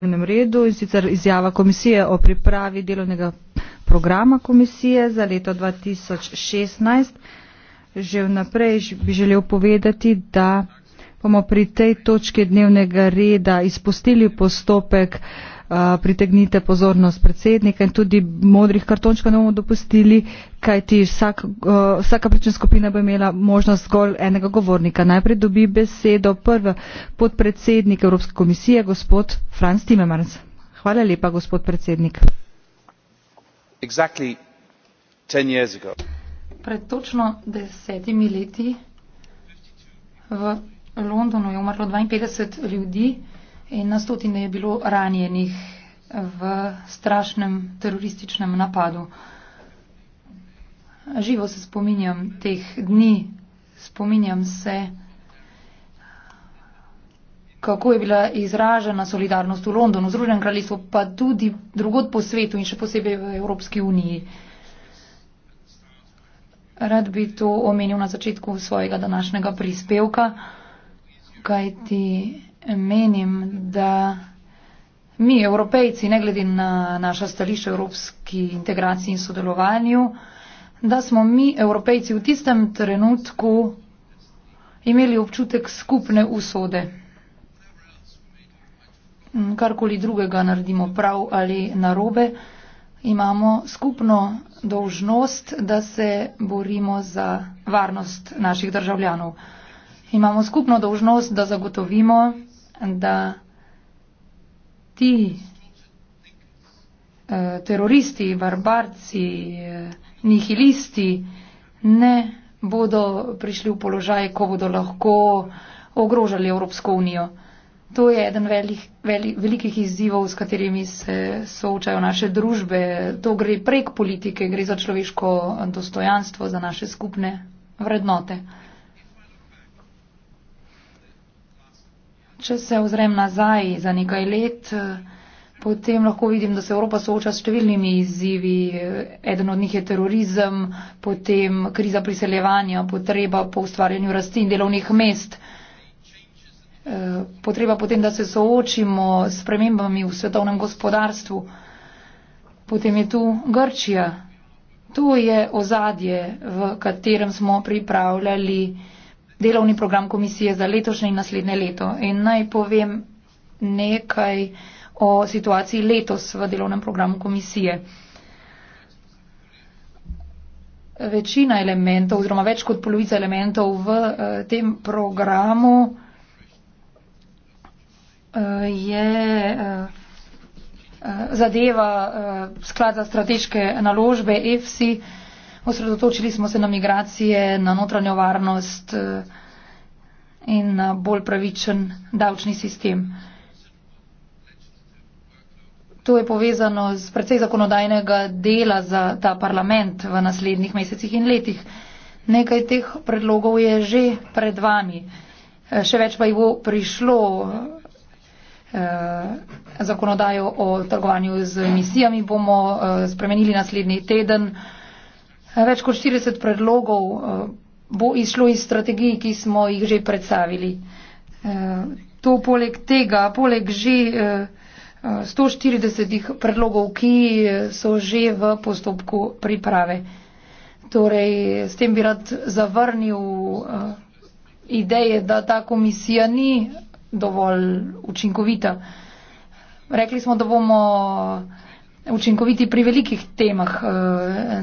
dnevnem redu in sicer izjava komisije o pripravi delovnega programa komisije za leto 2016. Že vnaprej bi želel povedati, da bomo pri tej točki dnevnega reda izpustili postopek uh, Eh, pritegnite pozornost predsednika in tudi modrih kartončkov ne bomo dopustili, kajti vsak, eh, vsaka prična skupina bo imela možnost zgolj enega govornika. Najprej dobi besedo prva podpredsednik Evropske komisije, gospod Franz Timemars. Hvala lepa, gospod predsednik. Exactly Pred točno desetimi leti v Londonu je umrlo 52 ljudi in na stotine je bilo ranjenih v strašnem terorističnem napadu. Živo se spominjam teh dni, spominjam se, kako je bila izražena solidarnost v Londonu, v Združenem kraljestvu, pa tudi drugod po svetu in še posebej v Evropski uniji. Rad bi to omenil na začetku svojega današnjega prispevka, kajti menim, da mi, evropejci, ne glede na naša stališča evropski integraciji in sodelovanju, da smo mi, evropejci, v tistem trenutku imeli občutek skupne usode. Karkoli drugega naredimo prav ali narobe, imamo skupno dolžnost, da se borimo za varnost naših državljanov. Imamo skupno dolžnost, da zagotovimo da ti eh, teroristi, barbarci, eh, nihilisti ne bodo prišli v položaj, ko bodo lahko ogrožali Evropsko unijo. To je eden velik, velik, velikih izzivov, s katerimi se soočajo naše družbe. To gre prek politike, gre za človeško dostojanstvo, za naše skupne vrednote. Če se ozrem nazaj za nekaj let, potem lahko vidim, da se Evropa sooča s številnimi izzivi. Eden od njih je terorizem, potem kriza priseljevanja, potreba po ustvarjanju rasti in delovnih mest. Eh, potreba potem, da se soočimo s premembami v svetovnem gospodarstvu. Potem je tu Grčija. To je ozadje, v katerem smo pripravljali delovni program komisije za letošnje in naslednje leto. In naj povem nekaj o situaciji letos v delovnem programu komisije. Večina elementov oziroma več kot polovica elementov v uh, tem programu uh, je uh, uh, zadeva uh, sklad za strateške naložbe EFSI, uh, osredotočili smo se na migracije, na notranjo varnost eh, in na bolj pravičen davčni sistem. To je povezano z precej zakonodajnega dela za ta parlament v naslednjih mesecih in letih. Nekaj teh predlogov je že pred vami. Eh, še več pa jih bo prišlo eh, zakonodajo o trgovanju z emisijami. Bomo spremenili naslednji teden. Več kot 40 predlogov eh, bo izšlo iz strategij, ki smo jih že predstavili. Eh, to poleg tega, poleg že 140 eh, predlogov, ki so že v postopku priprave. Torej, s tem bi rad zavrnil ideje, da ta komisija ni dovolj učinkovita. Rekli smo, da bomo učinkoviti pri velikih temah, eh,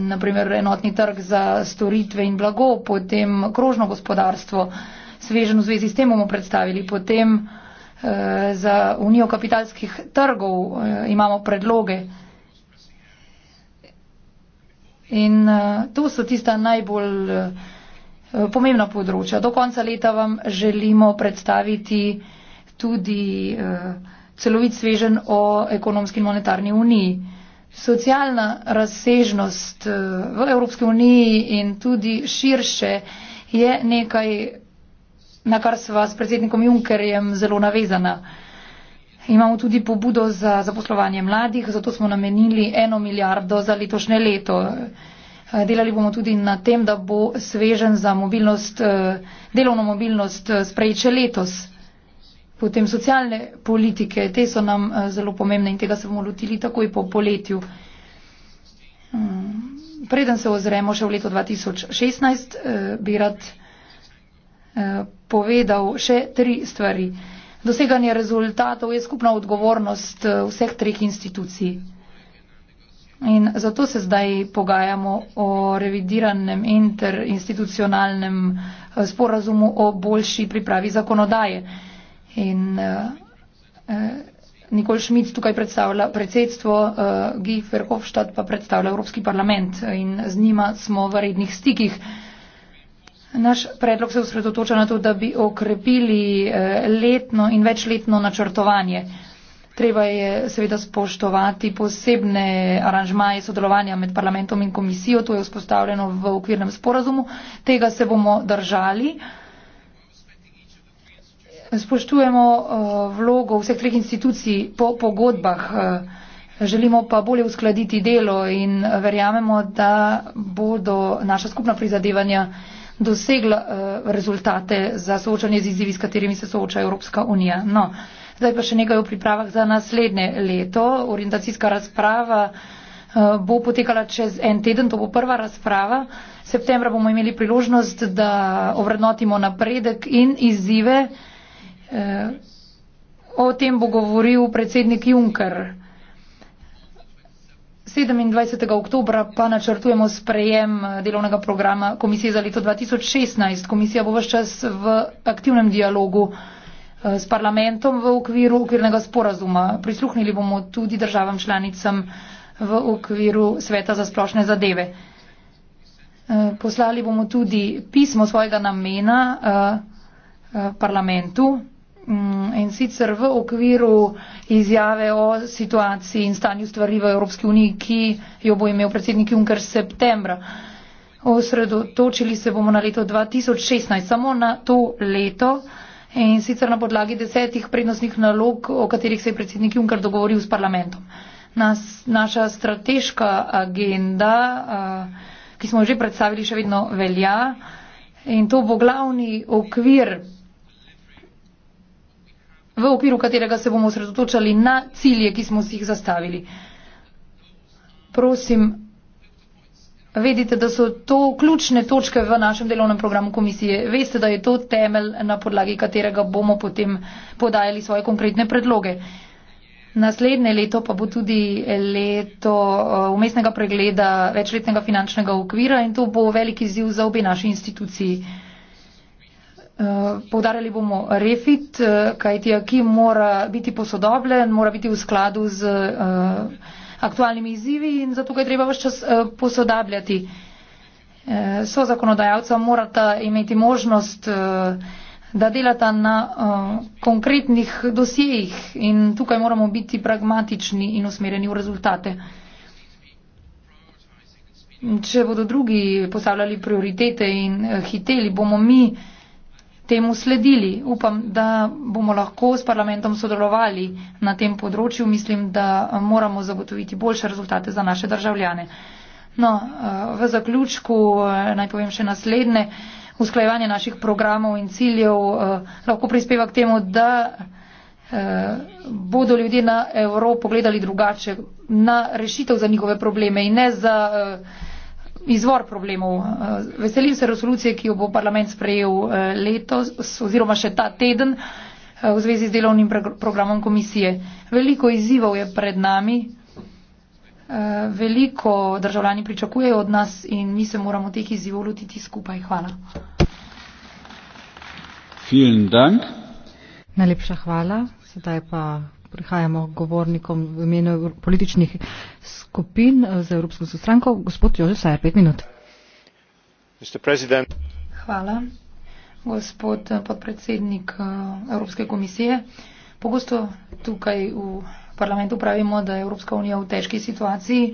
naprimer enotni trg za storitve in blago, potem krožno gospodarstvo, svežen v zvezi s tem bomo predstavili, potem eh, za unijo kapitalskih trgov eh, imamo predloge. In to so tista najbolj pomembna področja. Do konca leta vam želimo predstaviti tudi celovit svežen o ekonomski in monetarni uniji socialna razsežnost eh, v Evropski uniji in tudi širše je nekaj, na kar sva s predsednikom Junckerjem zelo navezana. Imamo tudi pobudo za zaposlovanje mladih, zato smo namenili eno milijardo za letošnje leto. Eh, delali bomo tudi na tem, da bo svežen za mobilnost, eh, delovno mobilnost sprejče letos. Potem socialne politike, te so nam eh, zelo pomembne in tega se bomo lotili takoj po poletju. Hmm. Preden se ozremo še v leto 2016, eh, bi rad eh, povedal še tri stvari. Doseganje rezultatov je skupna odgovornost vseh treh institucij. In zato se zdaj pogajamo o revidiranem interinstitucionalnem sporazumu o boljši pripravi zakonodaje in uh, eh, uh, eh, Nikol Šmic tukaj predstavlja predsedstvo, uh, Guy Verhofstadt pa predstavlja Evropski parlament in z njima smo v rednih stikih. Naš predlog se usredotoča na to, da bi okrepili letno in večletno načrtovanje. Treba je seveda spoštovati posebne aranžmaje sodelovanja med parlamentom in komisijo, to je vzpostavljeno v okvirnem sporazumu. Tega se bomo držali. Uh, spoštujemo eh, vlogo vseh treh institucij po pogodbah, eh, želimo pa bolje uskladiti delo in verjamemo, da bodo naša skupna prizadevanja dosegla eh, rezultate za soočanje z izzivi, s katerimi se sooča Evropska unija. No, zdaj pa še nekaj o pripravah za naslednje leto. Orientacijska razprava bo potekala čez en teden, to bo prva razprava. Septembra bomo imeli priložnost, da ovrednotimo napredek in izzive Eh, o tem bo govoril predsednik Juncker. 27. oktobra pa načrtujemo sprejem eh, delovnega programa komisije za leto 2016. Komisija bo vse čas v aktivnem dialogu eh, s parlamentom v okviru okvirnega sporazuma. Prisluhnili bomo tudi državam članicam v okviru sveta za splošne zadeve. Poslali bomo tudi pismo svojega namena parlamentu. Mm, in sicer v okviru izjave o situaciji in stanju stvari v Evropski uniji, ki jo bo imel predsednik Juncker septembra. Osredotočili se bomo na leto 2016, samo na to leto in sicer na podlagi desetih prednostnih nalog, o katerih se je predsednik Juncker dogovoril s parlamentom. Nas, naša strateška agenda, ki smo jo že predstavili, še vedno velja in to bo glavni okvir v okviru katerega se bomo osredotočali na cilje, ki smo si jih zastavili. Prosim, vedite, da so to ključne točke v našem delovnem programu komisije. Veste, da je to temelj, na podlagi katerega bomo potem podajali svoje konkretne predloge. Naslednje leto pa bo tudi leto eh, umestnega pregleda večletnega finančnega okvira in to bo velik izziv za obe naše institucije. Eh, poudarjali bomo refit, eh, kajti akim mora biti posodobljen, mora biti v skladu z eh, aktualnimi izzivi in zato ga je treba vse čas posodabljati. So zakonodajalca morata imeti možnost, da delata na konkretnih dosijih in tukaj moramo biti pragmatični in usmerjeni v rezultate. Če bodo drugi postavljali prioritete in hiteli, bomo mi temu sledili. Upam, da bomo lahko s parlamentom sodelovali na tem področju. Mislim, da moramo zagotoviti boljše rezultate za naše državljane. No, eh, v zaključku eh, naj povem še naslednje. Usklajevanje naših programov in ciljev eh, lahko prispeva k temu, da bodo ljudje na Evropo gledali drugače na rešitev za njihove probleme in ne za izvor problemov. Eh, veselim se resolucije, ki jo bo parlament sprejel eh, letos oziroma še ta teden eh, v zvezi z delovnim programom komisije. Veliko izzivov je pred nami, veliko državljani pričakujejo od nas in mi se moramo teh izzivov lotiti skupaj. Hvala. Najlepša hvala. Sedaj pa prihajamo govornikom v imenu političnih skupin eh, za Evropsko stranko. Gospod Jože Sajer, pet minut. Hvala, gospod eh, podpredsednik eh, Evropske komisije. Pogosto tukaj v parlamentu pravimo, da je Evropska unija v težki situaciji.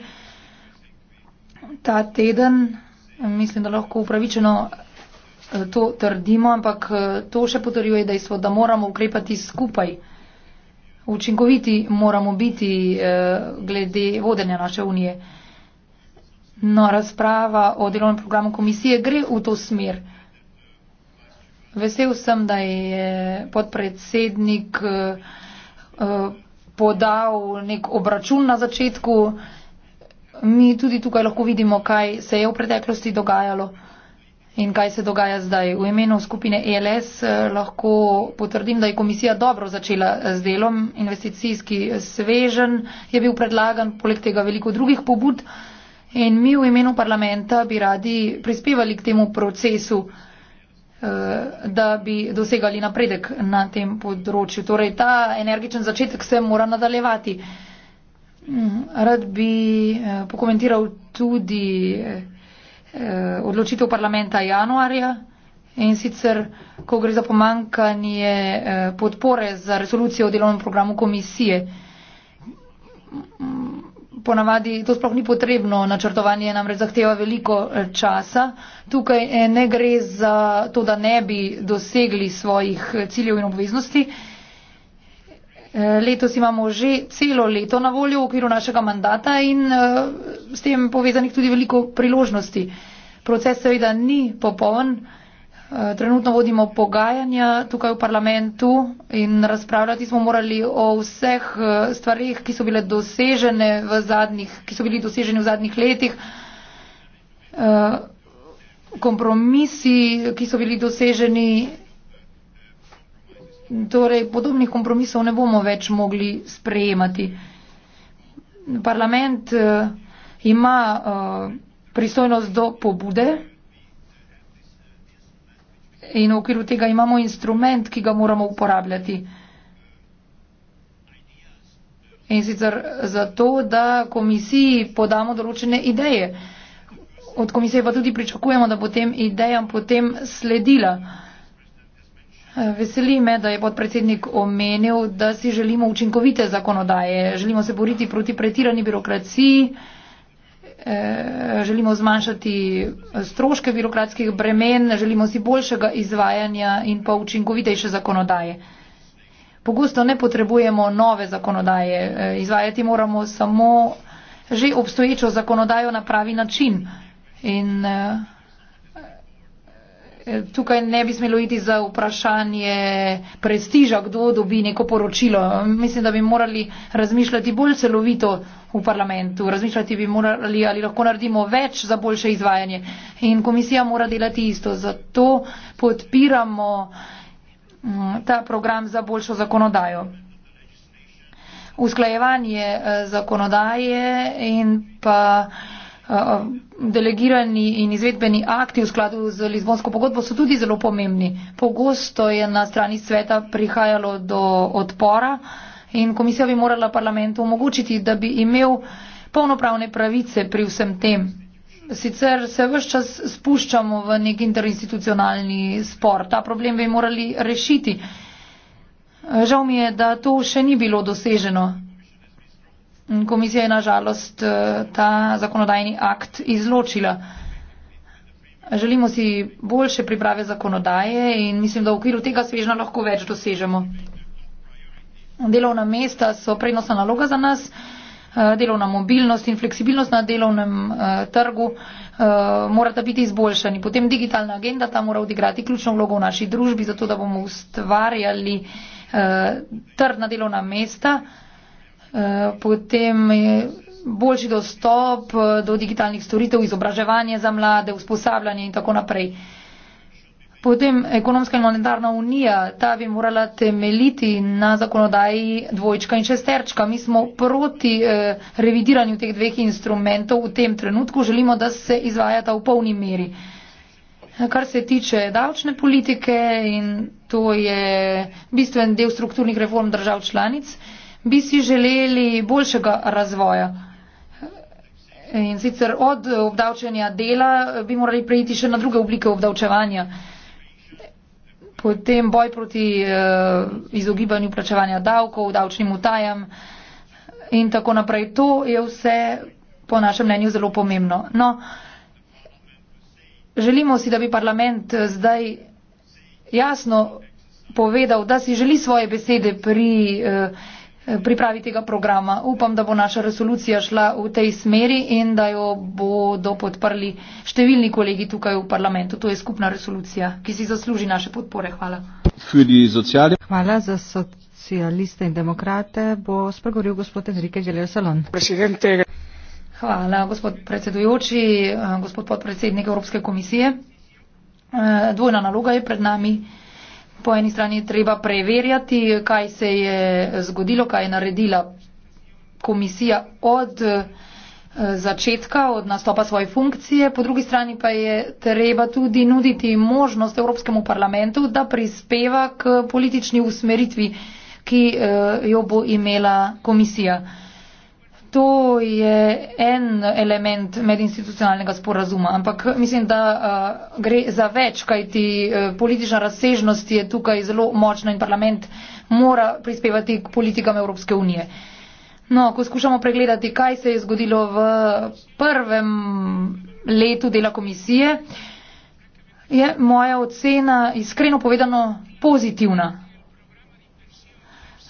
Ta teden, mislim, da lahko upravičeno to trdimo, ampak to še potrjuje dejstvo, da moramo ukrepati skupaj učinkoviti moramo biti eh, glede vodenja naše unije. No, razprava o delovnem programu komisije gre v to smer. Vesel sem, da je podpredsednik eh, eh podal nek obračun na začetku. Mi tudi tukaj lahko vidimo, kaj se je v preteklosti dogajalo. In kaj se dogaja zdaj? V imenu skupine ELS eh, lahko potrdim, da je komisija dobro začela eh, z delom. Investicijski svežen je bil predlagan, poleg tega veliko drugih pobud. In mi v imenu parlamenta bi radi prispevali k temu procesu, eh, da bi dosegali napredek na tem področju. Torej, ta energičen začetek se mora nadaljevati. Mm, rad bi pokomentiral tudi Eh, odločitev parlamenta januarja in sicer, ko gre za pomankanje eh, podpore za resolucijo o delovnem programu komisije. Ponavadi to sploh ni potrebno, načrtovanje namreč zahteva veliko eh, časa. Tukaj ne gre za to, da ne bi dosegli svojih ciljev in obveznosti, Letos imamo že celo leto na voljo v okviru našega mandata in eh, s tem povezanih tudi veliko priložnosti. Proces seveda ni popoln. Eh, trenutno vodimo pogajanja tukaj v parlamentu in razpravljati smo morali o vseh eh, stvarih, ki so bile dosežene v zadnjih, ki so bili doseženi v zadnjih letih. Kompromisi, ki so bili doseženi torej podobnih kompromisov ne bomo več mogli sprejemati. Parlament uh, ima uh, pristojnost do pobude in v okviru tega imamo instrument, ki ga moramo uporabljati. In sicer zato, da komisiji podamo določene ideje. Od komisije pa tudi pričakujemo, da bo tem idejam potem sledila. Uh, Veseli me, da je podpredsednik omenil, da si želimo učinkovite zakonodaje, želimo se boriti proti pretirani birokraciji, eh, želimo zmanjšati stroške birokratskih bremen, želimo si boljšega izvajanja in pa učinkovitejše zakonodaje. Pogosto ne potrebujemo nove zakonodaje, eh, izvajati moramo samo že obstoječo zakonodajo na pravi način. In, eh, tukaj ne bi smelo iti za vprašanje prestiža, kdo dobi neko poročilo. Mislim, da bi morali razmišljati bolj celovito v parlamentu. Razmišljati bi morali, ali lahko naredimo več za boljše izvajanje. In komisija mora delati isto. Zato podpiramo mm, ta program za boljšo zakonodajo. Usklajevanje eh, zakonodaje in pa Eh, delegirani in izvedbeni akti v skladu z Lizbonsko pogodbo so tudi zelo pomembni. Pogosto je na strani sveta prihajalo do odpora in komisija bi morala parlamentu omogočiti, da bi imel polnopravne pravice pri vsem tem. Sicer se vse čas spuščamo v nek interinstitucionalni spor. Ta problem bi morali rešiti. Žal mi je, da to še ni bilo doseženo. Komisija je na žalost eh, ta zakonodajni akt izločila. Želimo si boljše priprave zakonodaje in mislim, da v okviru tega svežna lahko več dosežemo. Delovna mesta so prednostna naloga za nas, eh, delovna mobilnost in fleksibilnost na delovnem eh, trgu morata biti izboljšani. Potem digitalna agenda, ta mora odigrati ključno vlogo v naši družbi, zato da bomo ustvarjali trdna delovna mesta. Eh, potem boljši dostop eh, do digitalnih storitev, izobraževanje za mlade, usposabljanje in tako naprej. Potem ekonomska in monetarna unija, ta bi morala temeljiti na zakonodaji dvojčka in šesterčka. Mi smo proti eh, revidiranju teh dveh instrumentov v tem trenutku, želimo, da se izvajata v polni meri. Eh, kar se tiče davčne politike in to je bistven del strukturnih reform držav članic, eh, bi si želeli boljšega razvoja. In sicer od obdavčanja dela eh, bi morali preiti še na druge oblike obdavčevanja. Potem boj proti eh, izogibanju plačevanja davkov, davčnim utajam in tako naprej. To je vse po našem mnenju zelo pomembno. No, želimo si, da bi parlament eh, zdaj jasno povedal, da si želi svoje besede pri. Eh, Eh, pripravi tega programa. Upam, da bo naša resolucija šla v tej smeri in da jo bodo podprli številni kolegi tukaj v parlamentu. To je skupna resolucija, ki si zasluži naše podpore. Hvala. Hvala za socialiste in demokrate. Bo spregovoril gospod Enrique Gelio Salon. Hvala, gospod predsedujoči, eh, gospod podpredsednik Evropske komisije. Eh, dvojna naloga je pred nami po eni strani treba preverjati, kaj se je zgodilo, kaj je naredila komisija od eh, začetka, od nastopa svoje funkcije, po drugi strani pa je treba tudi nuditi možnost Evropskemu parlamentu, da prispeva k politični usmeritvi, ki eh, jo bo imela komisija to je en element medinstitucionalnega sporazuma, ampak mislim, da uh, gre za več, kajti uh, politična razsežnost je tukaj zelo močna in parlament mora prispevati k politikam Evropske unije. No, ko skušamo pregledati, kaj se je zgodilo v prvem letu dela komisije, je moja ocena iskreno povedano pozitivna.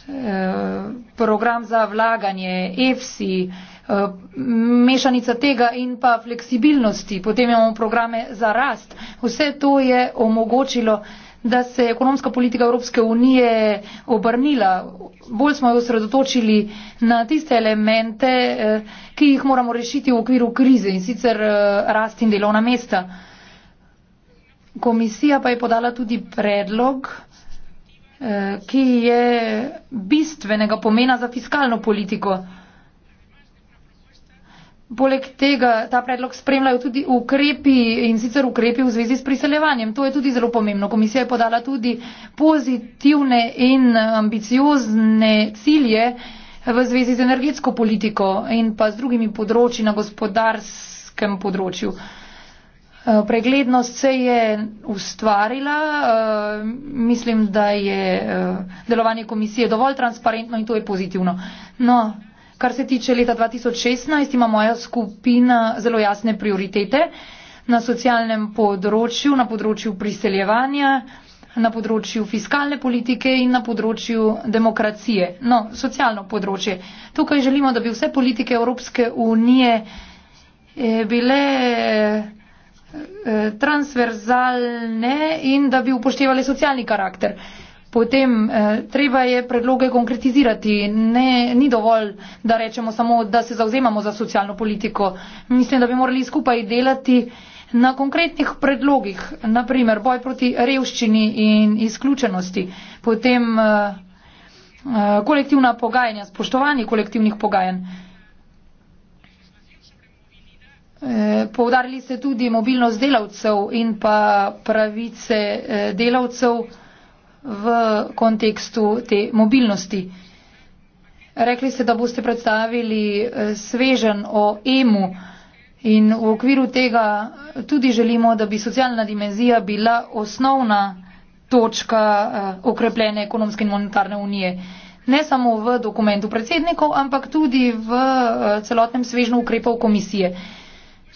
Eh, program za vlaganje, EFSI, eh, mešanica tega in pa fleksibilnosti, potem imamo programe za rast. Vse to je omogočilo, da se je ekonomska politika Evropske unije obrnila. Bolj smo jo osredotočili na tiste elemente, eh, ki jih moramo rešiti v okviru krize in sicer rast in delovna mesta. Komisija pa je podala tudi predlog, Eh, ki je bistvenega pomena za fiskalno politiko. Poleg tega ta predlog spremljajo tudi ukrepi in sicer ukrepi v zvezi s priseljevanjem. To je tudi zelo pomembno. Komisija je podala tudi pozitivne in ambiciozne cilje v zvezi z energetsko politiko in pa z drugimi področji na gospodarskem področju. Uh, Eh, preglednost se je ustvarila. Eh, mislim, da je eh, delovanje komisije dovolj transparentno in to je pozitivno. No, kar se tiče leta 2016, ima moja skupina zelo jasne prioritete na socialnem področju, na področju priseljevanja, na področju fiskalne politike in na področju demokracije. No, socialno področje. Tukaj želimo, da bi vse politike Evropske unije bile Eh, transverzalne in da bi upoštevali socialni karakter. Potem eh, treba je predloge konkretizirati. Ne, ni dovolj, da rečemo samo, da se zauzemamo za socialno politiko. Mislim, da bi morali skupaj delati na konkretnih predlogih, naprimer boj proti revščini in izključenosti, potem eh, kolektivna pogajanja, spoštovanje kolektivnih pogajanj. Eh, poudarili ste tudi mobilnost delavcev in pa pravice eh, delavcev v kontekstu te mobilnosti. Rekli ste, da boste predstavili eh, svežen o EMU in v okviru tega tudi želimo, da bi socialna dimenzija bila osnovna točka okrepljene ekonomske in monetarne unije. Ne samo v dokumentu predsednikov, ampak tudi v celotnem svežnu ukrepov komisije.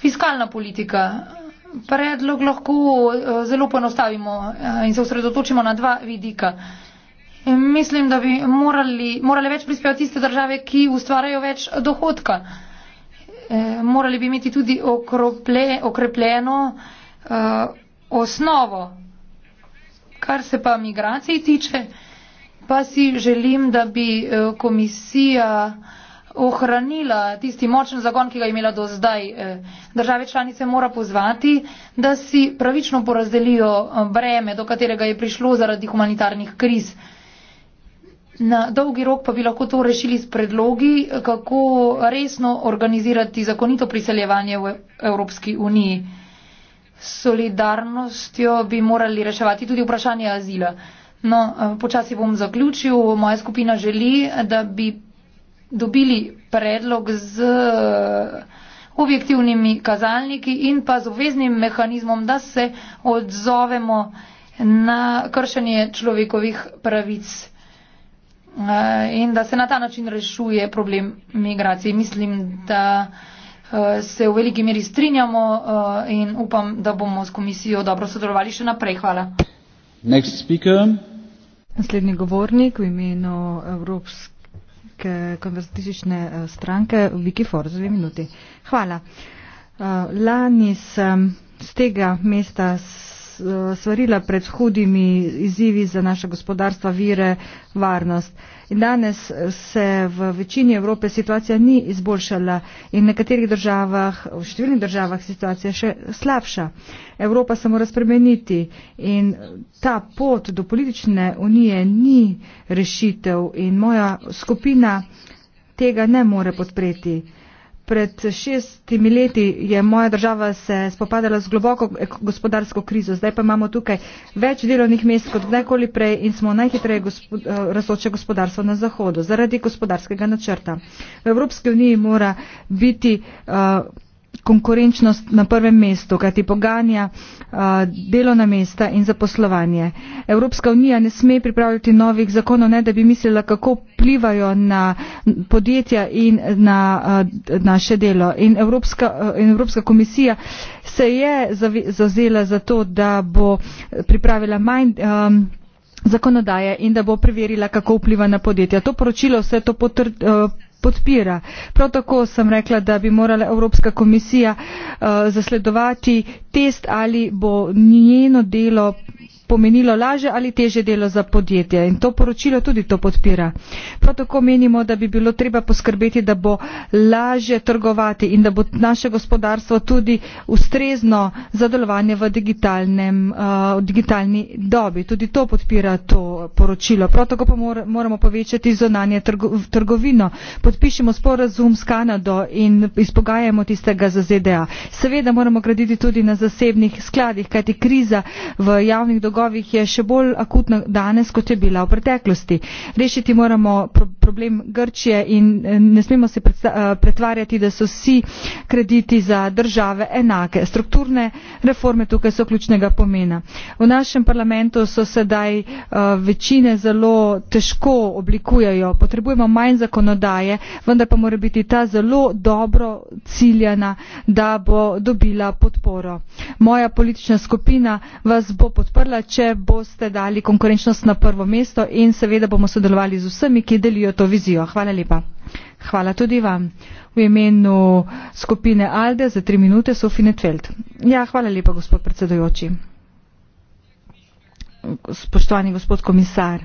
Fiskalna politika. Predlog lahko eh, zelo ponostavimo eh, in se osredotočimo na dva vidika. Mislim, da bi morali, morali več prispevati tiste države, ki ustvarjajo več dohodka. Eh, morali bi imeti tudi okrople, okrepljeno osnovo. Kar se pa migracij tiče, pa si želim, da bi komisija ohranila tisti močen zagon, ki ga je imela do zdaj. Eh, države članice mora pozvati, da si pravično porazdelijo eh, breme, do katerega je prišlo zaradi humanitarnih kriz. Na dolgi rok pa bi lahko to rešili s predlogi, eh, kako resno organizirati zakonito priseljevanje v Evropski uniji. Solidarnostjo bi morali reševati tudi vprašanje azila. No, počasi bom zaključil. Moja skupina želi, da bi dobili predlog z eh, objektivnimi kazalniki in pa z obveznim mehanizmom, da se odzovemo na kršenje človekovih pravic eh, in da se na ta način rešuje problem migracij. Mislim, da eh, se v veliki meri strinjamo in upam, da bomo s komisijo dobro sodelovali še naprej. Hvala. Naslednji govornik v imenu Evropske. Slovenske konverzatistične eh, stranke Viki Foro za dve minuti. Hvala. Eh, lani sem z tega mesta s svarila pred hudimi izzivi za naše gospodarstva, vire, varnost. In danes se v večini Evrope situacija ni izboljšala in v nekaterih državah, v številnih državah situacija je še slabša. Evropa se mora spremeniti in ta pot do politične unije ni rešitev in moja skupina tega ne more podpreti. Pred šestimi leti je moja država se spopadala z globoko gospodarsko krizo, zdaj pa imamo tukaj več delovnih mest kod nekoli prej in smo najhitreje gospod, eh, razloče gospodarstvo na zahodu zaradi gospodarskega načrta. V Evropski uniji mora biti uh, konkurenčnost na prvem mestu, kajti poganja delovna mesta in zaposlovanje. Evropska unija ne sme pripravljati novih zakonov, ne da bi mislila, kako vplivajo na podjetja in na naše delo. In Evropska, in Evropska komisija se je zazela za to, da bo pripravila manj um, zakonodaje in da bo preverila, kako vpliva na podjetja. To poročilo vse to potrdi. Uh, podpira. Prav tako sem rekla, da bi morala Evropska komisija uh, zasledovati test, ali bo njeno delo pomenilo lažje ali težje delo za podjetje in to poročilo tudi to podpira. Prav tako menimo, da bi bilo treba poskrbeti, da bo lažje trgovati in da bo naše gospodarstvo tudi ustrezno zadolovanje v digitalnem, uh, digitalni dobi. Tudi to podpira to poročilo. Prav tako pa mor moramo povečati zonanje trgo trgovino. Podpišemo sporazum s Kanado in izpogajamo tistega za ZDA. Seveda moramo graditi tudi na zasebnih skladih, kajti kriza v javnih dogodkih dolgovih je še bolj akutna danes, kot je bila v preteklosti. Rešiti moramo problem Grčije in eh, ne smemo se eh, pretvarjati, da so vsi krediti za države enake. Strukturne reforme tukaj so ključnega pomena. V našem parlamentu so sedaj eh, večine zelo težko oblikujejo. Potrebujemo manj zakonodaje, vendar pa mora biti ta zelo dobro ciljena, da bo dobila podporo. Moja politična skupina vas bo podprla, če boste dali konkurenčnost na prvo mesto in seveda bomo sodelovali z vsemi, ki delijo to vizijo. Hvala lepa. Hvala tudi vam. V imenu skupine Alde za tri minute Sofine Tveld. Ja, hvala lepa, gospod predsedojoči. Spoštovani gospod komisar,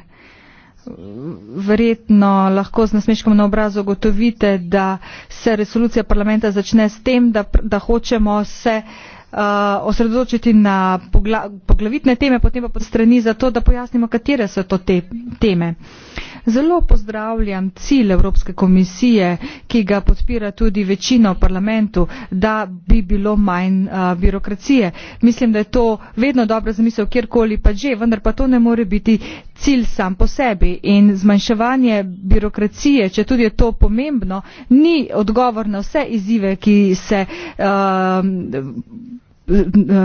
verjetno lahko z nasmeškom na obrazu gotovite, da se resolucija parlamenta začne s tem, da, da hočemo se. Uh, Eh, osredotočiti na pogla poglavitne teme, potem pa po strani za to, da pojasnimo, katere so to te teme. Uh, Zelo pozdravljam cilj Evropske komisije, ki ga podpira tudi večina v parlamentu, da bi bilo manj a, birokracije. Mislim, da je to vedno dobra zamisel, kjerkoli pa že, vendar pa to ne more biti cilj sam po sebi. In zmanjševanje birokracije, če tudi je to pomembno, ni odgovor na vse izzive, ki se. A,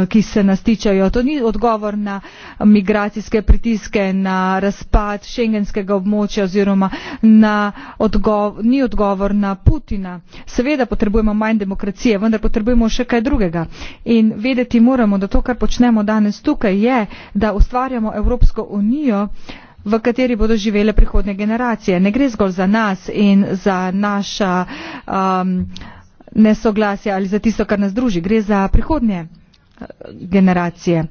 ki se nas tičajo. To ni odgovor na migracijske pritiske, na razpad šengenskega območja oziroma na odgovor, ni odgovor na Putina. Seveda potrebujemo manj demokracije, vendar potrebujemo še kaj drugega. In vedeti moramo, da to, kar počnemo danes tukaj, je, da ustvarjamo Evropsko unijo v kateri bodo živele prihodne generacije. Ne gre zgolj za nas in za naša. Um, nesoglasje ali za tisto kar nas druži gre za prihodnje generacije.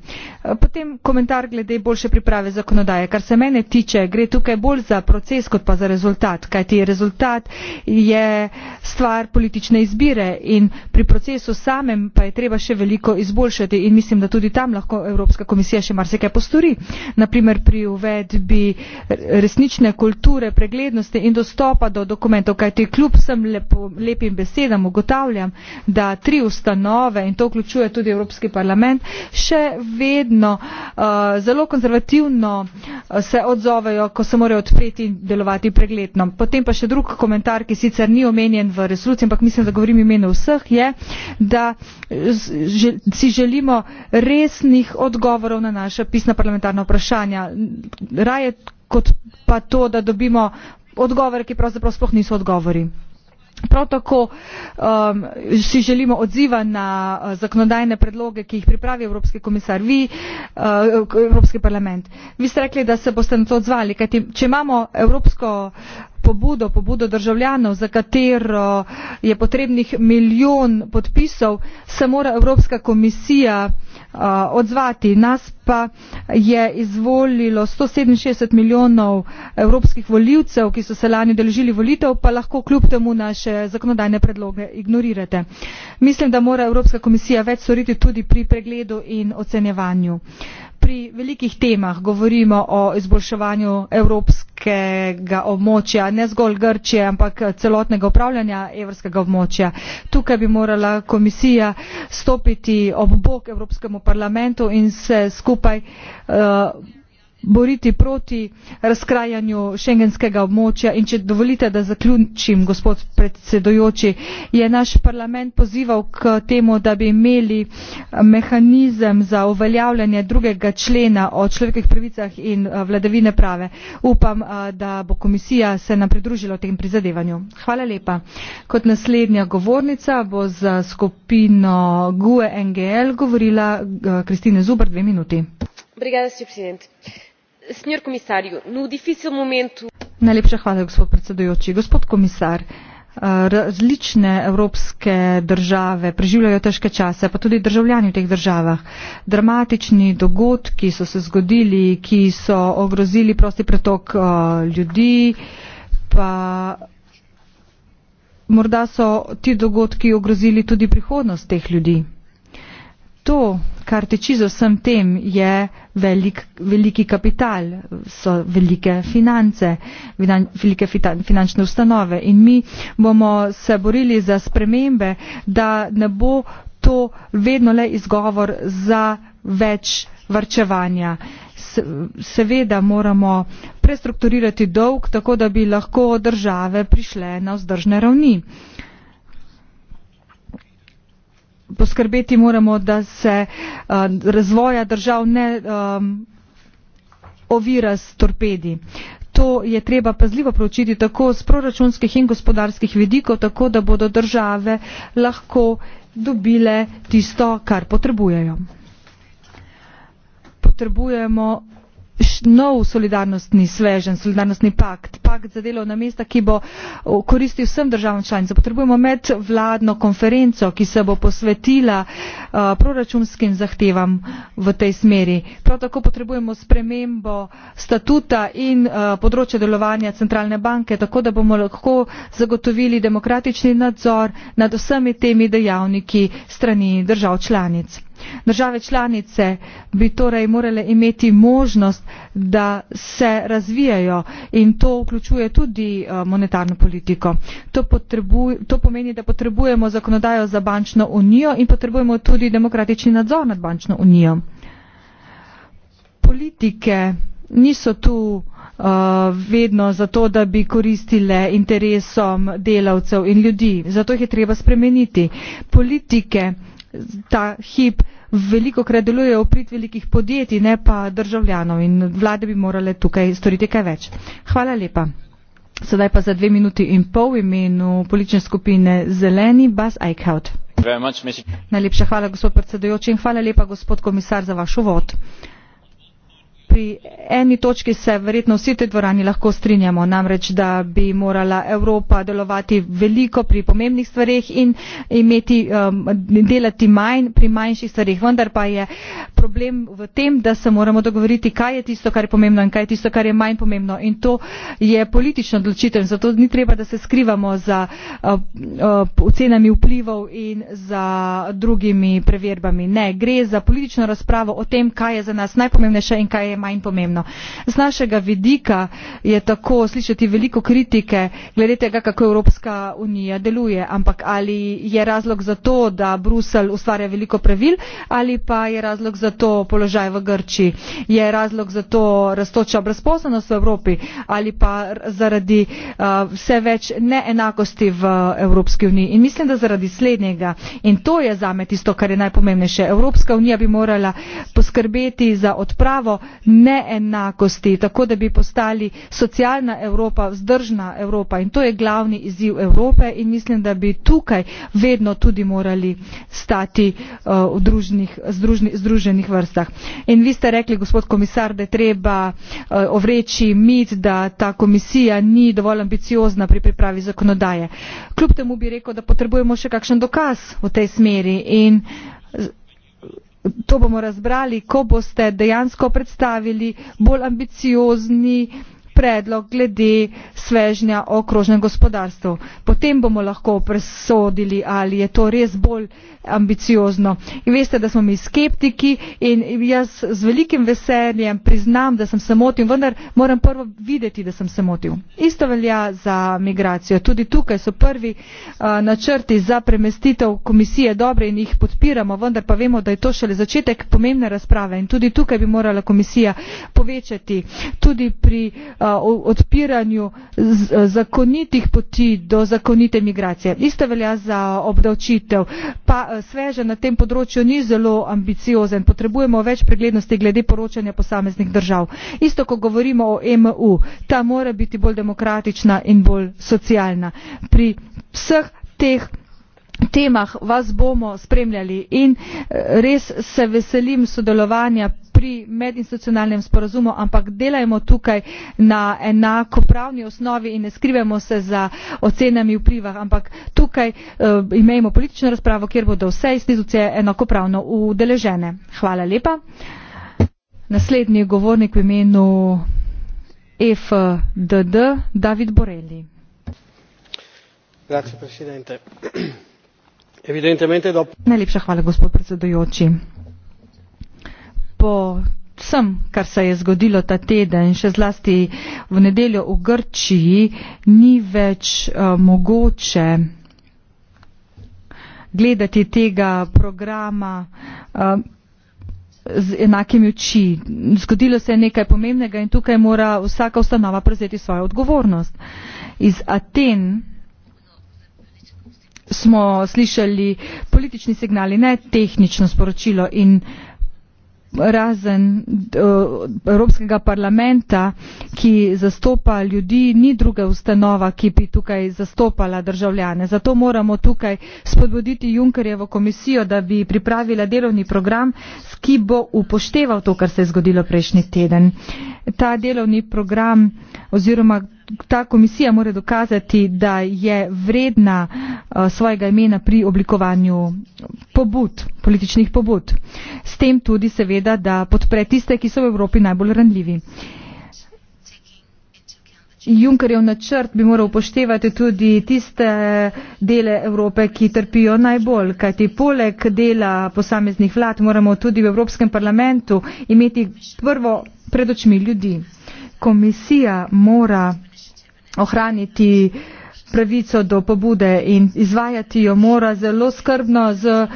Potem komentar glede boljše priprave zakonodaje. Kar se mene tiče, gre tukaj bolj za proces kot pa za rezultat, kajti rezultat je stvar politične izbire in pri procesu samem pa je treba še veliko izboljšati in mislim, da tudi tam lahko Evropska komisija še marsikaj postori. Naprimer pri uvedbi resnične kulture, preglednosti in dostopa do dokumentov, kajti kljub vsem lepim besedam ugotavljam, da tri ustanove in to vključuje tudi Evropski parlament še vedno eh, zelo konzervativno eh, se odzovejo, ko se morajo odpeti in delovati pregledno. Potem pa še drug komentar, ki sicer ni omenjen v resoluciji, ampak mislim, da govorim imenu vseh, je, da eh, si želimo resnih odgovorov na naše pisna parlamentarna vprašanja. Raje kot pa to, da dobimo odgovore, ki pravzaprav sploh niso odgovori prav tako um, si želimo odziva na uh, zakonodajne predloge ki jih pripravi evropski komisar vi uh, evropski parlament vi ste rekli da se boste na to odzvali kajti če imamo evropsko uh, pobudo pobudo državljanov za katero je potrebnih milijon podpisov se mora evropska komisija eh, odzvati nas pa je izvolilo sto sedeminšestdeset milijonov evropskih volivcev ki so se lani udeležili volitev pa lahko kljub temu naše zakonodajne predloge ignorirate. mislim da mora evropska komisija več storiti tudi pri pregledu in ocenjevanju pri velikih temah govorimo o izboljševanju evropskega območja ne zgolj grčije ampak celotnega upravljanja evrskega območja tukaj bi morala komisija stopiti ob bok evropskemu parlamentu in se skupaj eh, boriti proti razkrajanju schengenskega območja in če dovolite da zaključim gospod predsedujoči je naš parlament pozival k temu da bi imeli eh, mehanizem za uveljavljanje drugega člena o človekovih pravicah in eh, vladavini prava upam eh, da bo komisija se nam pridružila v tem prizadevanju hvala lepa kot naslednja govornica bo za skupino gue ngl govorila kristine zuber dve minuti Obrigada, Sr. Presidente. No gospod komisar eh, različne evropske države preživljajo težke čase kako pa tudi državljani v teh državah. dramatični dogodki so se zgodili ki so ogrozili njihovo življenje dramatični dogodki so se zgodili ki so ogrozili prosti pretok eh, ljudi pa morda so ti dogodki ogrozili tudi prihodnost teh ljudi to, kar teči za vsem tem, je velik, veliki kapital, so velike finance, velike finančne ustanove in mi bomo se borili za spremembe, da ne bo to vedno le izgovor za več varčevanja. Seveda moramo prestrukturirati dolg, tako da bi lahko države prišle na vzdržne ravni poskrbeti moramo, da se eh, razvoja držav ne ehm, ovira s torpedi. To je treba pazljivo preučiti tako z proračunskih in gospodarskih vidikov, tako da bodo države lahko dobile tisto, kar potrebujejo. Potrebujemo nov solidarnostni sveženj solidarnostni pakt pakt za delovna mesta ki bo koristil vsem državam članicam potrebujemo medvladno konferenco ki se bo posvetila proračunskim zahtevam v tej smeri prav tako potrebujemo spremembo statuta in področja delovanja centralne banke tako da bomo lahko zagotovili demokratični nadzor nad vsemi temi dejavniki s strani držav članic države članice bi torej morale imeti možnost da se razvijajo in to vključuje tudi eh, monetarno politiko to, potrebuj, to pomeni da potrebujemo zakonodajo za bančno unijo in potrebujemo tudi demokratični nadzor nad bančno unijo politike niso tu Uh, vedno zato, da bi koristile interesom delavcev in ljudi. Zato jih je treba spremeniti. Politike ta hip veliko krat delujejo v prid velikih podjetij, ne pa državljanov in vlade bi morale tukaj storiti kaj več. Hvala lepa. Sedaj pa za dve minuti in pol v imenu politične skupine Zeleni Bas Eichhout. Najlepša hvala, gospod predsedujoči, in hvala lepa, gospod komisar, za vaš uvod pri eni točki se verjetno vsi v tej dvorani lahko strinjamo namreč da bi morala evropa delovati veliko pri pomembnih stvareh in imeti um, delati manj pri manjših stvareh vendar pa je problem v tem da se moramo dogovoriti kaj je tisto kar je pomembno in kaj je tisto kar je manj pomembno in to je politična odločitev in zato ni treba da se skrivamo za uh, uh, ocenami vplivov in za drugimi preverbami ne gre za politično razpravo o tem kaj je za nas najpomembnejše in kaj je manj pomembno manj pomembno. Z našega vidika je tako slišati veliko kritike glede tega, kako Evropska unija deluje, ampak ali je razlog za to, da Brusel ustvarja veliko pravil ali pa je razlog za to položaj v Grči, je razlog za to raztoča brezposobnost v Evropi ali pa zaradi uh, vse več neenakosti v Evropski uniji. In mislim, da zaradi slednjega. In to je zame tisto, kar je najpomembnejše. Evropska unija bi morala poskrbeti za odpravo neenakosti, tako da bi postali socialna Evropa, vzdržna Evropa. In to je glavni izziv Evrope in mislim, da bi tukaj vedno tudi morali stati uh, v družnih, združni, združenih vrstah. In vi ste rekli, gospod komisar, da je treba uh, ovreči mit, da ta komisija ni dovolj ambiciozna pri pripravi zakonodaje. Kljub temu bi rekel, da potrebujemo še kakšen dokaz v tej smeri. In, to bomo razbrali ko boste dejansko predstavili bolj ambiciozni predlog glede svežnja o krožnem gospodarstvu. Potem bomo lahko presodili, ali je to res bolj ambiciozno. In veste, da smo mi skeptiki in jaz z velikim veseljem priznam, da sem se motil, vendar moram prvo videti, da sem se motil. Isto velja za migracijo. Tudi tukaj so prvi uh, načrti za premestitev komisije dobre in jih podpiramo, vendar pa vemo, da je to šele začetek pomembne razprave in tudi tukaj bi morala komisija povečati tudi pri uh, odpiranju zakonitih poti do zakonite migracije. isto velja za obdavčitev pa sveženj na tem področju ni zelo ambiciozen potrebujemo več preglednosti glede poročanja posameznih držav. isto ko govorimo o emu ta mora biti bolj demokratična in bolj socialna. pri vseh teh temah vas bomo spremljali in eh, res se veselim sodelovanja pri medinstitucionalnem sporazumu ampak delajmo tukaj na enakopravni osnovi in ne skrivajmo se za ocenami vpliva ampak tukaj eh, imejmo politično razpravo kjer bodo vse institucije enakopravno udeležene. najlepša hvala gospod predsedujoči. po vsem kar se je zgodilo ta teden še zlasti v nedeljo v grčiji ni več eh, mogoče gledati tega programa eh, z enakimi oči. zgodilo se je nekaj pomembnega in tukaj mora vsaka ustanova prevzeti svojo odgovornost. iz aten smo slišali politični signali, ne tehnično sporočilo in razen eh, Evropskega parlamenta, ki zastopa ljudi, ni druga ustanova, ki bi tukaj zastopala državljane. Zato moramo tukaj spodbuditi Junkerjevo komisijo, da bi pripravila delovni program, ki bo upošteval to, kar se je zgodilo prejšnji teden. Ta delovni program oziroma ta komisija mora dokazati, da je vredna eh, svojega imena pri oblikovanju pobud, političnih pobud. S tem tudi seveda, da podpre tiste, ki so v Evropi najbolj ranljivi. Junkerjev načrt bi moral upoštevati tudi tiste dele Evrope, ki trpijo najbolj, kajti poleg dela posameznih vlad moramo tudi v Evropskem parlamentu imeti prvo pred očmi ljudi. Komisija mora ohraniti pravico do pobude in izvajati jo mora zelo skrbno z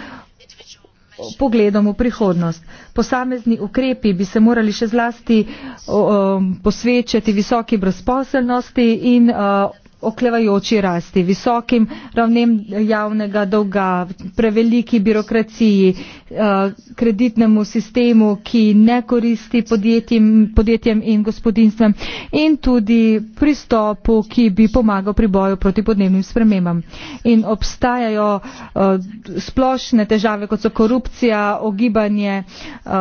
pogledom v prihodnost. Posamezni ukrepi bi se morali še zlasti um, posvečati visoki brezposelnosti in uh, oklevajoči rasti, visokim ravnem javnega dolga, preveliki birokraciji, uh, Eh, kreditnemu sistemu, ki ne koristi podjetjem, podjetjem in gospodinstvem in tudi pristopu, ki bi pomagal pri boju proti podnebnim spremembam. In obstajajo uh, splošne težave, kot so korupcija, ogibanje, uh,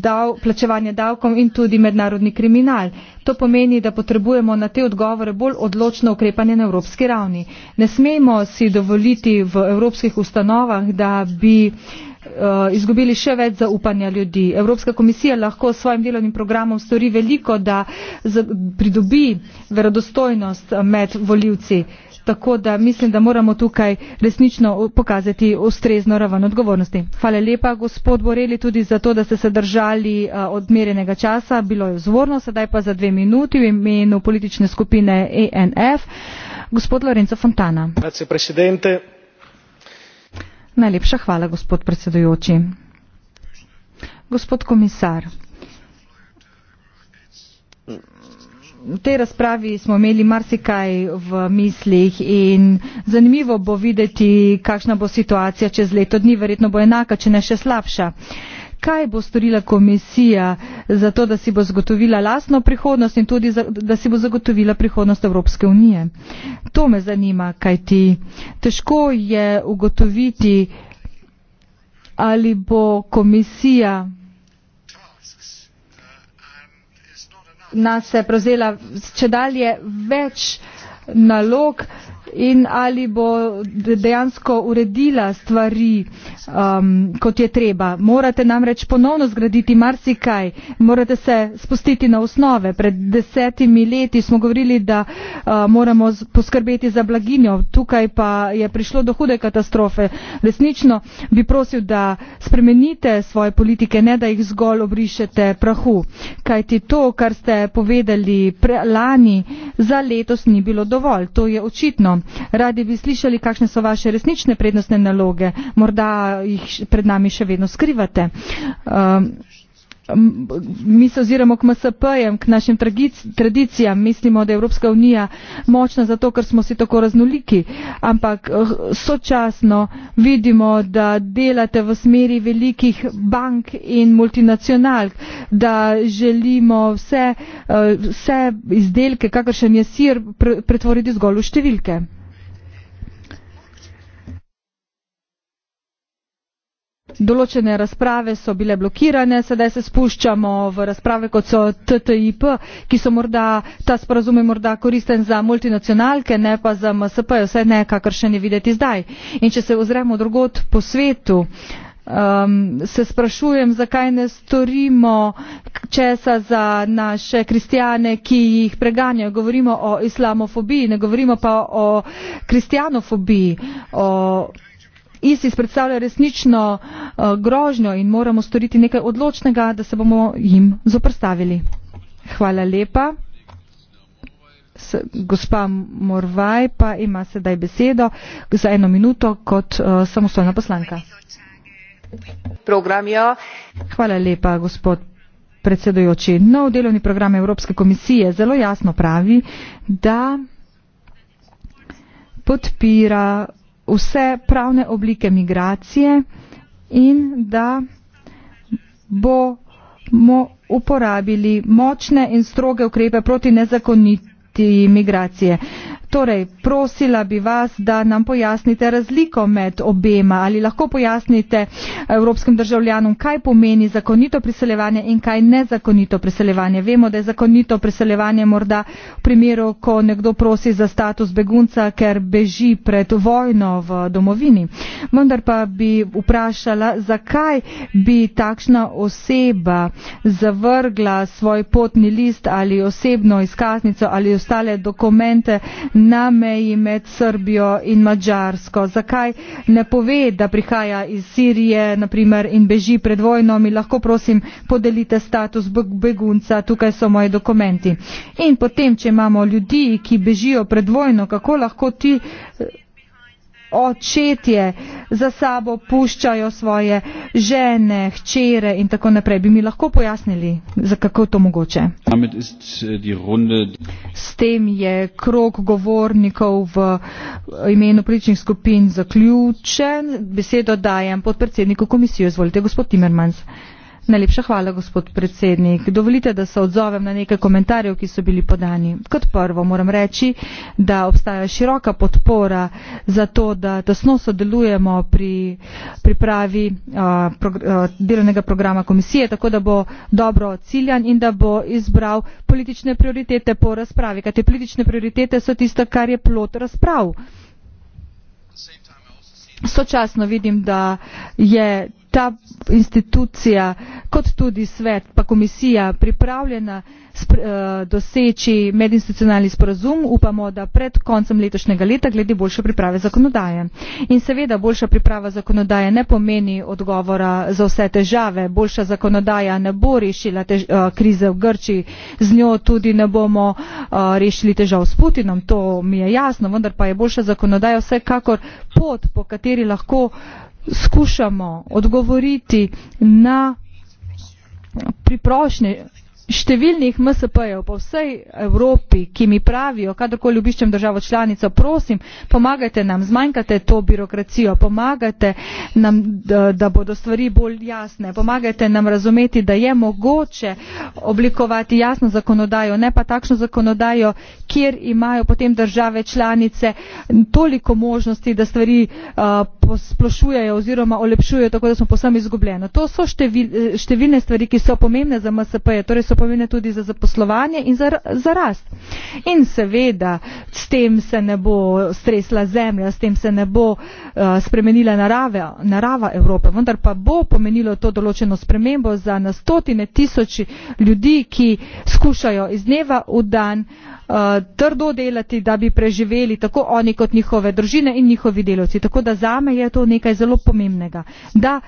dav, plačevanje davkom in tudi mednarodni kriminal. To pomeni, da potrebujemo na te odgovore bolj odločno ukrepanje na evropski ravni. Ne smemo si dovoliti v evropskih ustanovah, da bi uh, Eh, izgubili še več zaupanja ljudi. Evropska komisija lahko s svojim delovnim programom stori veliko, da pridobi verodostojnost eh, med voljivci. Tako da mislim, da moramo tukaj resnično pokazati ustrezno raven odgovornosti. Hvala lepa, gospod Boreli, tudi za to, da ste se držali eh, odmerenega časa. Bilo je vzvorno, sedaj pa za dve minuti v imenu politične skupine ENF. Gospod Lorenzo Fontana. Grazie, Najlepša hvala, gospod predsedujoči. Gospod komisar, v tej razpravi smo imeli marsikaj v mislih in zanimivo bo videti, kakšna bo situacija čez leto dni, verjetno bo enaka, če ne še slabša. Uh, kaj bo storila komisija za to, da si bo zagotovila lasno prihodnost in tudi, za, da si bo zagotovila prihodnost Evropske unije. To me zanima, kaj ti. Težko je ugotoviti, ali bo komisija nas je prevzela če dalje več nalog in ali bo dejansko uredila stvari, um, kot je treba. Morate namreč ponovno zgraditi marsikaj, morate se spustiti na osnove. Pred desetimi leti smo govorili, da uh, moramo poskrbeti za blaginjo, tukaj pa je prišlo do hude katastrofe. Resnično bi prosil, da spremenite svoje politike, ne da jih zgolj obrišete prahu. Kajti to, kar ste povedali pre, lani, za letos ni bilo dovolj. To je očitno. Radi bi slišali, kakšne so vaše resnične prednostne naloge, morda jih pred nami še vedno skrivate. Uh, mi se oziramo k MSP-jem, k našim tradicijam, mislimo, da je Evropska unija močna zato, ker smo si tako raznoliki, ampak eh, sočasno vidimo, da delate v smeri velikih bank in multinacionalk, da želimo vse, eh, vse izdelke, kakršen je sir, pretvoriti zgolj v številke. Določene razprave so bile blokirane, sedaj se spuščamo v razprave kot so TTIP, ki so morda, ta sporazum je morda koristen za multinacionalke, ne pa za MSP, vse ne, kakršen je videti zdaj. In če se ozremo drugot po svetu, um, se sprašujem, zakaj ne storimo česa za naše kristijane, ki jih preganjajo. Govorimo o islamofobiji, ne govorimo pa o kristijanofobiji. O ISIS predstavlja resnično eh, grožnjo in moramo storiti nekaj odločnega, da se bomo jim zoprstavili. Hvala lepa. Gospa Morvaj pa ima sedaj besedo za eno minuto kot eh, samostojna poslanka. Ja. Hvala lepa, gospod predsedujoči. Nov delovni program Evropske komisije zelo jasno pravi, da podpira vse pravne oblike migracije in da bomo uporabili močne in stroge ukrepe proti nezakoniti migracije. Uh, Torej, prosila bi vas, da nam pojasnite razliko med obema. Ali lahko pojasnite eh, evropskim državljanom, kaj pomeni zakonito priseljevanje in kaj nezakonito priseljevanje. Vemo, da je zakonito priseljevanje morda v primeru, ko nekdo prosi za status begunca, ker beži pred vojno v domovini. Vendar pa bi vprašala, zakaj bi takšna oseba zavrgla svoj potni list ali osebno izkaznico ali ostale dokumente na meji med Srbijo in Mačarsko. Zakaj ne pove, da prihaja iz Sirije naprimer, in beži pred vojno, mi lahko prosim podelite status begunca, tukaj so moji dokumenti. In potem, če imamo ljudi, ki bežijo pred vojno, kako lahko ti očetje za sabo puščajo svoje žene, hčere in tako naprej. Bi mi lahko pojasnili, zakaj je to mogoče? Äh, S tem je krok govornikov v eh, imenu pričnih skupin zaključen. Besedo dajem podpredsedniku komisije. Izvolite, gospod Timmermans. Uh, Najlepša hvala, gospod predsednik. Dovolite, da se odzovem na nekaj komentarjev, ki so bili podani. Kot prvo moram reči, da obstaja široka podpora za to, da tesno sodelujemo pri pripravi a, prog a, delovnega programa komisije, tako da bo dobro ciljan in da bo izbral politične prioritete po razpravi. Kaj te politične prioritete so tisto, kar je plot razprav. Sočasno vidim, da je ta institucija kot tudi svet pa komisija pripravljena eh, doseči medinstitucionalni sporazum upamo da pred koncem letošnjega leta glede boljše priprave zakonodaje. in seveda boljša priprava zakonodaje ne pomeni odgovora za vse težave boljša zakonodaja ne bo rešila eh, krize v grčiji z njo tudi ne bomo eh, rešili težav s putinom to mi je jasno vendar pa je boljša zakonodaja vsekakor pot po kateri lahko skušamo odgovoriti na priprošnje številnih MSP-jev po vsej Evropi, ki mi pravijo, kadarkoli obiščem državo članico, prosim, pomagajte nam, zmanjkate to birokracijo, pomagajte nam, da, da bodo stvari bolj jasne, pomagajte nam razumeti, da je mogoče oblikovati jasno zakonodajo, ne pa takšno zakonodajo, kjer imajo potem države članice toliko možnosti, da stvari uh, posplošujejo oziroma olepšujejo, tako da smo posebej izgubljeni. To so števil, številne stvari, ki so pomembne za MSP-je. Torej pomembne tudi za zaposlovanje in za, za rast. In seveda, s tem se ne bo stresla zemlja, s tem se ne bo uh, spremenila narave, narava Evrope, vendar pa bo pomenilo to določeno spremembo za na stotine tisoči ljudi, ki skušajo iz dneva v dan uh, trdo delati, da bi preživeli tako oni kot njihove družine in njihovi delovci. Tako da zame je to nekaj zelo pomembnega, da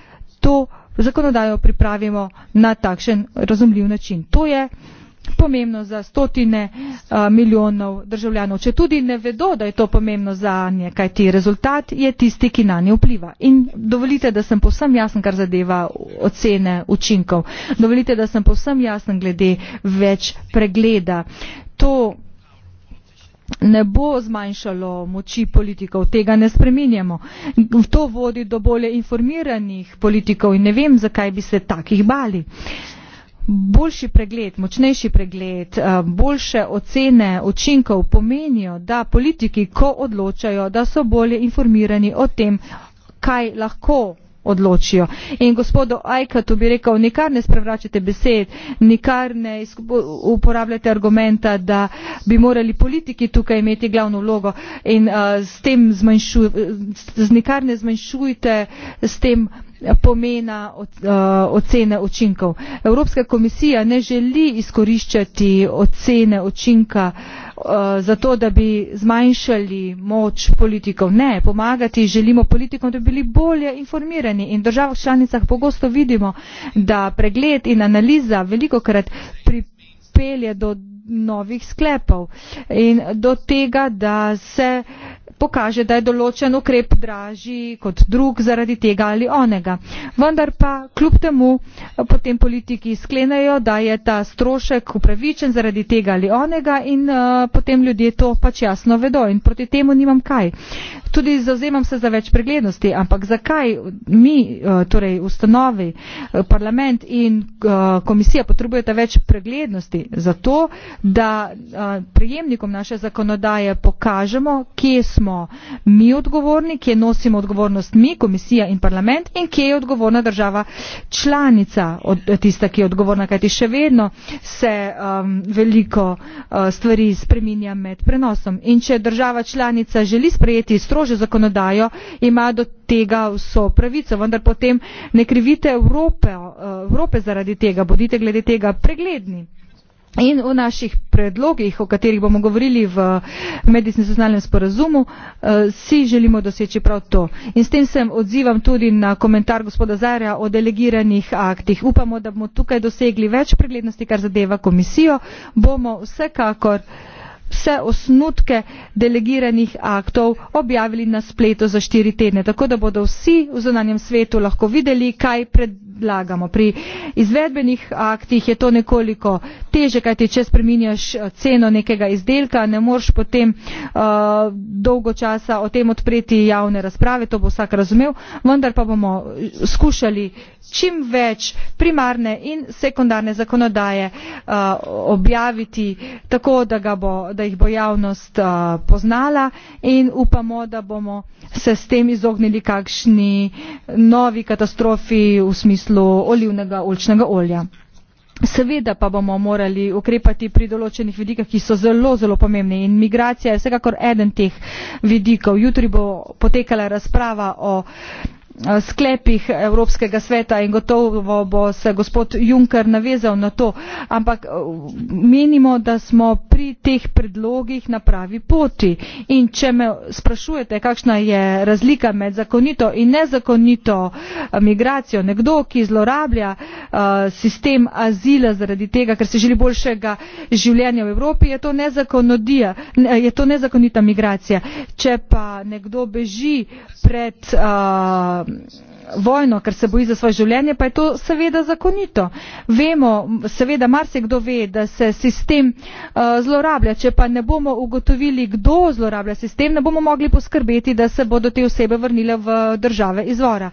to zakonodajo pripravimo na takšen razumljiv način. To je pomembno za stotine a, milijonov državljanov, če tudi ne vedo, da je to pomembno za nje, kajti rezultat je tisti, ki na nje vpliva. In dovolite, da sem povsem jasen, kar zadeva ocene učinkov. Dovolite, da sem povsem jasen glede več pregleda. To, ne bo zmanjšalo moči politikov, tega ne spreminjamo. To vodi do bolje informiranih politikov in ne vem, zakaj bi se takih bali. Boljši pregled, močnejši pregled, eh, boljše ocene učinkov pomenijo, da politiki, ko odločajo, da so bolje informirani o tem, kaj lahko odločijo. In gospodu Ajkatu bi rekel, nikar ne sprevračate besed, nikar ne uporabljate argumenta, da bi morali politiki tukaj imeti glavno vlogo in uh, s tem zmanjšujte, z nikar ne zmanjšujte s tem pomena eh, ocene učinkov. Evropska komisija ne želi izkoriščati ocene učinka uh, Eh, zato da bi zmanjšali moč politikov. Ne, pomagati želimo politikom, da bi bili bolje informirani in v državah članicah pogosto vidimo, da pregled in analiza veliko krat pripelje do novih sklepov in do tega, da se uh, pokaže, da je določen ukrep dražji kot drug zaradi tega ali onega. Vendar pa kljub temu eh, potem politiki sklenejo, da je ta strošek upravičen zaradi tega ali onega in uh, potem ljudje to pač jasno vedo in proti temu nimam kaj. Tudi zauzemam se za več preglednosti, ampak zakaj mi, eh, torej ustanovi, parlament in komisija potrebujete več preglednosti? Zato, da prejemnikom naše zakonodaje pokažemo, kje smo smo mi odgovorni, kje nosimo odgovornost mi, komisija in parlament in kje je odgovorna država članica, od, tista, ki je odgovorna, kajti še vedno se um, veliko uh, stvari spreminja med prenosom. In če država članica želi sprejeti strože zakonodajo, ima do tega vso pravico, vendar potem ne krivite Evrope, uh, Evrope zaradi tega, bodite glede tega pregledni. In v naših predlogih, o katerih bomo govorili v medinstitucionalnem sporazumu, eh, si želimo doseči prav to. In s tem sem odzivam tudi na komentar gospoda Zarja o delegiranih aktih. Upamo, da bomo tukaj dosegli več preglednosti, kar zadeva komisijo. Bomo vsekakor vse osnutke delegiranih aktov objavili na spletu za štiri tedne, tako da bodo vsi v zunanjem svetu lahko videli, kaj predlagamo. Pri izvedbenih aktih je to nekoliko teže, kajti če spreminjaš eh, ceno nekega izdelka, ne moreš potem uh, dolgo časa o tem odpreti javne razprave, to bo vsak razumel, vendar pa bomo eh, skušali čim več primarne in sekundarne zakonodaje uh, objaviti tako, da ga bo. Da da jih bo javnost poznala in upamo, da bomo se s tem izognili kakšni novi katastrofi v smislu olivnega oljčnega olja. Seveda pa bomo morali ukrepati pri določenih vidikah, ki so zelo, zelo pomembni in migracija je vsekakor eden teh vidikov. Jutri bo potekala razprava o Eh, sklepih evropskega sveta in gotovo bo se gospod juncker navezal na to ampak eh, menimo da smo pri teh predlogih na pravi poti in če me sprašujete kakšna je razlika med zakonito in nezakonito eh, migracijo nekdo ki zlorablja sistem azila zaradi tega ker si želi boljšega življenja v evropi je to nezakonodija je to nezakonita migracija če pa nekdo beži pred Um, vojno, ker se boji za svoje življenje, pa je to seveda zakonito. Vemo, seveda marsikdo ve, da se sistem uh, zlorablja. Če pa ne bomo ugotovili, kdo zlorablja sistem, ne bomo mogli poskrbeti, da se bodo te osebe vrnile v države izvora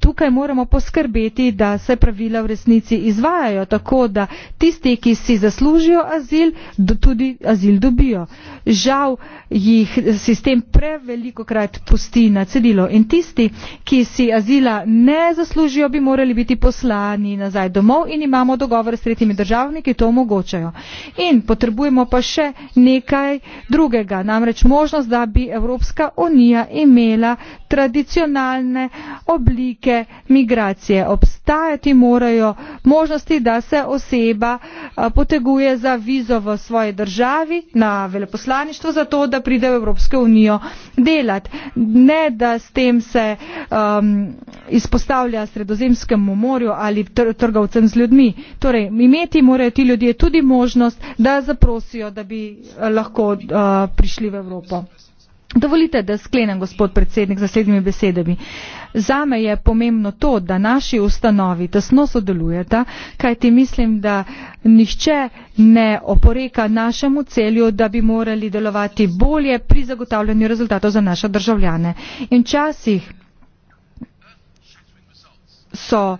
tukaj moramo poskrbeti, da se pravila v resnici izvajajo tako, da tisti, ki si zaslužijo azil, tudi azil dobijo. Žal jih sistem preveliko krat pusti na cedilo in tisti, ki si azila ne zaslužijo, bi morali biti poslani nazaj domov in imamo dogovor s tretjimi državami, ki to omogočajo. In potrebujemo pa še nekaj drugega, namreč možnost, da bi Evropska unija imela tradicionalne oblike, oblike migracije. Obstajati morajo možnosti, da se oseba poteguje za vizo v svoji državi na veleposlaništvo, zato da pride v Evropsko unijo delati. Ne, da s tem se um, izpostavlja sredozemskemu morju ali tr trgovcem z ljudmi. Torej, imeti morajo ti ljudje tudi možnost, da zaprosijo, da bi eh, lahko uh, prišli v Evropo. Dovolite, da sklenem, gospod predsednik, z naslednjimi besedami. Zame je pomembno to, da naši ustanovi tesno sodelujeta, kajti mislim, da nihče ne oporeka našemu celju, da bi morali delovati bolje pri zagotavljanju rezultatov za naše državljane. In včasih so,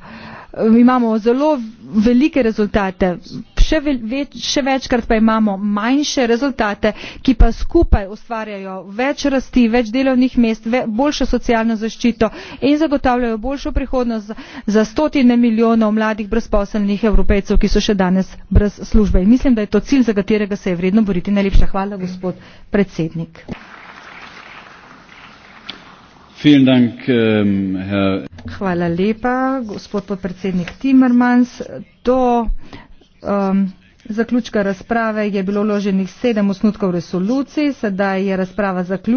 imamo zelo velike rezultate, še, več, še večkrat pa imamo manjše rezultate, ki pa skupaj ustvarjajo več rasti, več delovnih mest, ve, boljšo socialno zaščito in zagotavljajo boljšo prihodnost za, za stotine milijonov mladih brezposelnih evropejcev, ki so še danes brez službe. In mislim, da je to cilj, za katerega se je vredno boriti. Najlepša hvala, gospod predsednik. Dank, um, Hvala lepa, gospod podpredsednik Timmermans. Do um, zaključka razprave je bilo loženih sedem osnutkov resolucij, sedaj je razprava zaključena.